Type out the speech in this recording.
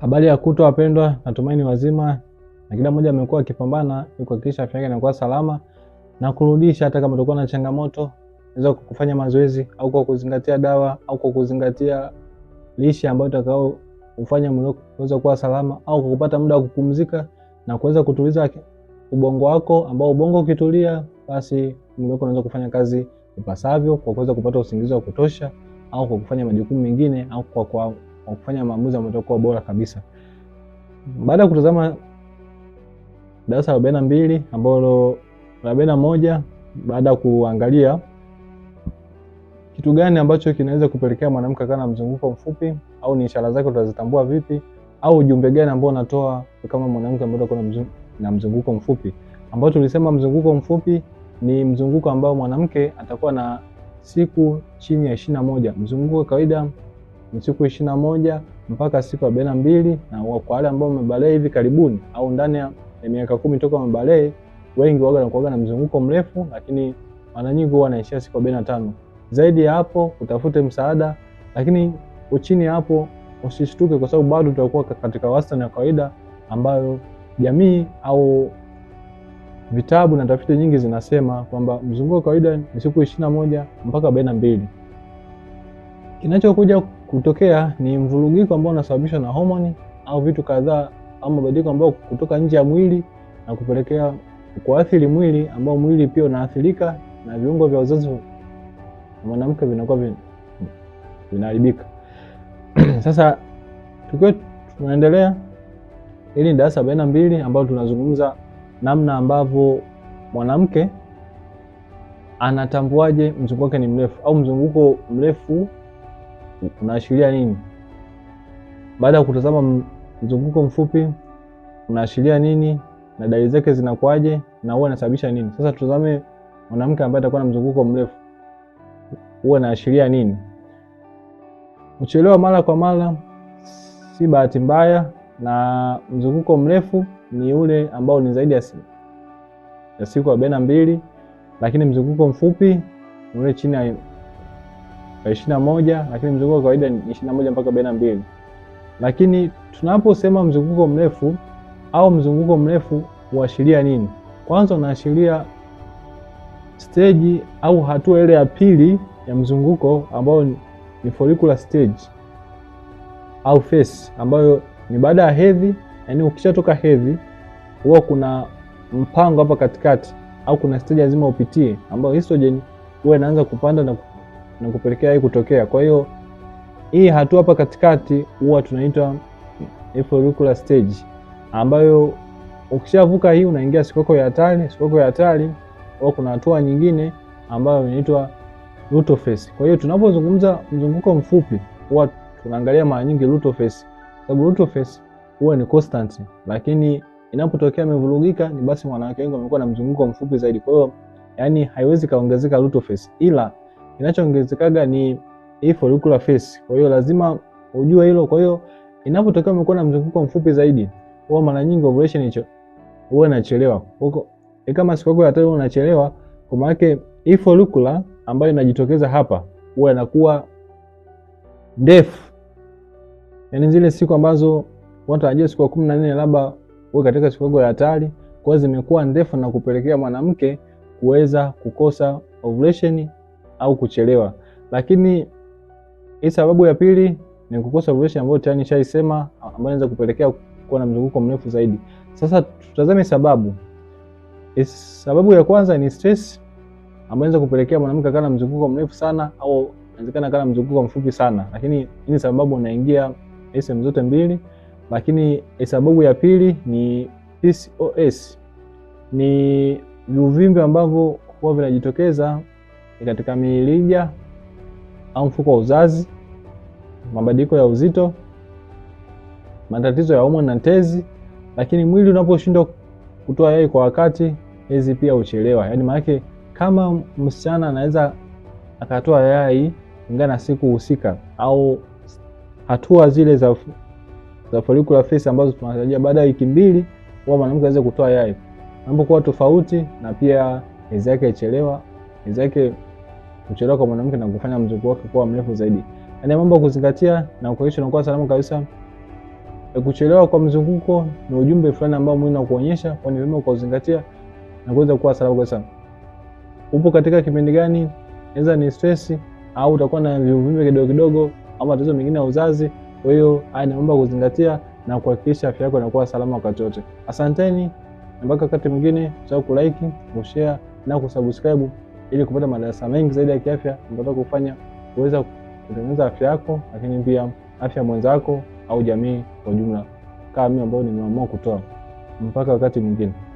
Habari ya kutwa wapendwa, natumaini wazima na kila mmoja amekuwa akipambana ili kuhakikisha afya yake inakuwa salama na kurudisha, hata kama tulikuwa na changamoto naweza kufanya mazoezi au kwa kuzingatia dawa au kwa kuzingatia lishe ambayo utakao ufanya mwili wako kuweza kuwa salama au kupata muda wa kupumzika na kuweza kutuliza ubongo wako, ambao ubongo ukitulia, basi mwili wako unaweza kufanya kazi ipasavyo, kwa kuweza kupata usingizi wa kutosha au kwa kufanya majukumu mengine au kwa kwa kwa kufanya maamuzi ambayo yatakuwa bora kabisa. Baada ya kutazama darasa la arobaini na mbili ambalo la arobaini na moja baada ya kuangalia kitu gani ambacho kinaweza kupelekea mwanamke akawa na mzunguko mfupi, au ni ishara zake utazitambua vipi, au ujumbe gani ambao unatoa kama mwanamke ambaye atakuwa na mzunguko mfupi, ambao tulisema mzunguko mfupi ni mzunguko ambao mwanamke atakuwa na siku chini ya ishirini na moja. Mzunguko kawaida ni siku ishirini na moja mpaka siku arobaini na mbili na kwa wale ambao wamebalehe hivi karibuni au ndani ya miaka kumi toka wamebalehe, wengi waga wanakuwa na mzunguko mrefu, lakini mara nyingi huwa wanaishia siku arobaini na tano. Zaidi ya hapo utafute msaada, lakini uchini ya hapo usishtuke, kwa sababu bado tutakuwa katika wastani ya kawaida ambayo jamii au vitabu na tafiti nyingi zinasema kwamba mzunguko wa kawaida ni siku ishirini na moja mpaka arobaini na mbili. Kinachokuja kutokea ni mvurugiko ambao unasababishwa na homoni au vitu kadhaa au mabadiliko ambayo kutoka nje ya mwili na kupelekea kuathiri mwili ambao mwili pia unaathirika na viungo vya uzazi mwanamke vinakuwa vinaharibika. Sasa tukiwa tunaendelea, hili ni darasa arobaini na mbili ambayo tunazungumza namna ambavyo mwanamke anatambuaje mzunguko wake ni mrefu au mzunguko mrefu unaashiria nini? Baada ya kutazama mzunguko mfupi unaashiria nini na dalili zake zinakuwaje na huwa inasababisha nini? Sasa tutazame mwanamke ambaye atakuwa na mzunguko mrefu huwa inaashiria nini? Kuchelewa mara kwa mara si bahati mbaya, na mzunguko mrefu ni ule ambao ni zaidi ya siku arobaini na mbili, lakini mzunguko mfupi ni ule chini ya wa ishirini na moja lakini mzunguko wa kawaida ni ishirini na moja mpaka arobaini na mbili lakini tunaposema mzunguko mrefu au mzunguko mrefu huashiria nini? Kwanza unaashiria stage au hatua ile ya pili ya mzunguko ambayo ni follicular stage au phase, ambayo ni baada ya hedhi. Yani ukishatoka hedhi, huwa kuna mpango hapa katikati, au kuna stage lazima upitie, ambayo estrogen huwa inaanza kupanda na na kupelekea hii kutokea. Kwa hiyo hii hatua hapa katikati huwa tunaitwa follicular stage, ambayo ukishavuka hii unaingia sikoko ya hatari. Sikoko ya hatari au kuna hatua nyingine ambayo inaitwa luteal phase. Kwa hiyo tunapozungumza mzunguko mfupi huwa tunaangalia mara nyingi luteal phase, sababu luteal phase huwa ni constant, lakini inapotokea imevurugika ni basi, wanawake wengi wamekuwa na mzunguko mfupi zaidi. Kwa hiyo yani haiwezi kaongezeka luteal phase ila kinachoongezekaga ni hii follicular phase. Kwa hiyo lazima ujue hilo. Kwa hiyo inapotokea umekuwa na mzunguko mfupi zaidi, huwa mara nyingi ovulation hicho huwa inachelewa. Huko e, kama siku yako ya tatu unachelewa, kwa maana yake hii follicular ambayo inajitokeza hapa huwa inakuwa ndefu, yaani zile siku ambazo watu watarajia siku ya kumi na nne labda wewe katika siku yako ya hatari, kwa zimekuwa ndefu na kupelekea mwanamke kuweza kukosa ovulation au kuchelewa. Lakini hii sababu ya pili ni kukosa ovulation ambayo tayari nishaisema, ambayo inaweza kupelekea kuwa na mzunguko mrefu zaidi. Sasa tutazame sababu. Is, sababu ya kwanza ni stress ambayo inaweza kupelekea mwanamke akawa na mzunguko mrefu sana au inawezekana akawa na mzunguko mfupi sana, lakini hii sababu inaingia sehemu zote mbili. Lakini sababu ya pili ni PCOS, ni uvimbe ambavyo huwa vinajitokeza ni katika mirija au mfuko wa uzazi, mabadiliko ya uzito, matatizo ya homoni na tezi. Lakini mwili unaposhindwa kutoa yai kwa wakati, hedhi pia huchelewa. Yaani maanake kama msichana anaweza akatoa yai kulingana na siku husika au hatua zile za za follicular phase ambazo tunatarajia baada ya wiki mbili, huwa mwanamke aweze kutoa yai, anapokuwa tofauti na pia hedhi yake ichelewa, hedhi yake kuchelewa kwa mwanamke na kufanya mzunguko wake kuwa mrefu zaidi. Yaani mambo ya kuzingatia na kuhakikisha unakuwa salama kabisa. E, Kuchelewa kwa mzunguko ni ujumbe fulani ambao mwili unakuonyesha, kwa nini vyema kuzingatia na kuweza kuwa salama kabisa. Upo katika kipindi gani? Inaweza ni stress au utakuwa na viuvimbe kidogo kidogo au matatizo mengine ya uzazi. Kwa hiyo haya ni mambo ya kuzingatia na kuhakikisha afya yako inakuwa salama wakati wote. Asanteni, mpaka wakati mwingine, usahau kulike, kushare na kusubscribe ili kupata madarasa mengi zaidi ya kiafya ambayo kufanya kuweza kutengeneza afya yako, lakini pia afya mwenzako au jamii kwa ujumla, kama mimi ambayo nimeamua kutoa. Mpaka wakati mwingine.